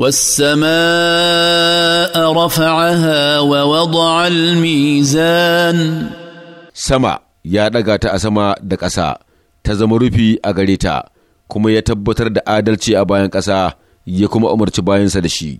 والسماء رفعها ووضع الميزان سما يا دغاتا اسما da ƙasa ta zama rufi a gare ta kuma ya tabbatar da adalci a bayan ƙasa ya kuma umarci bayansa da shi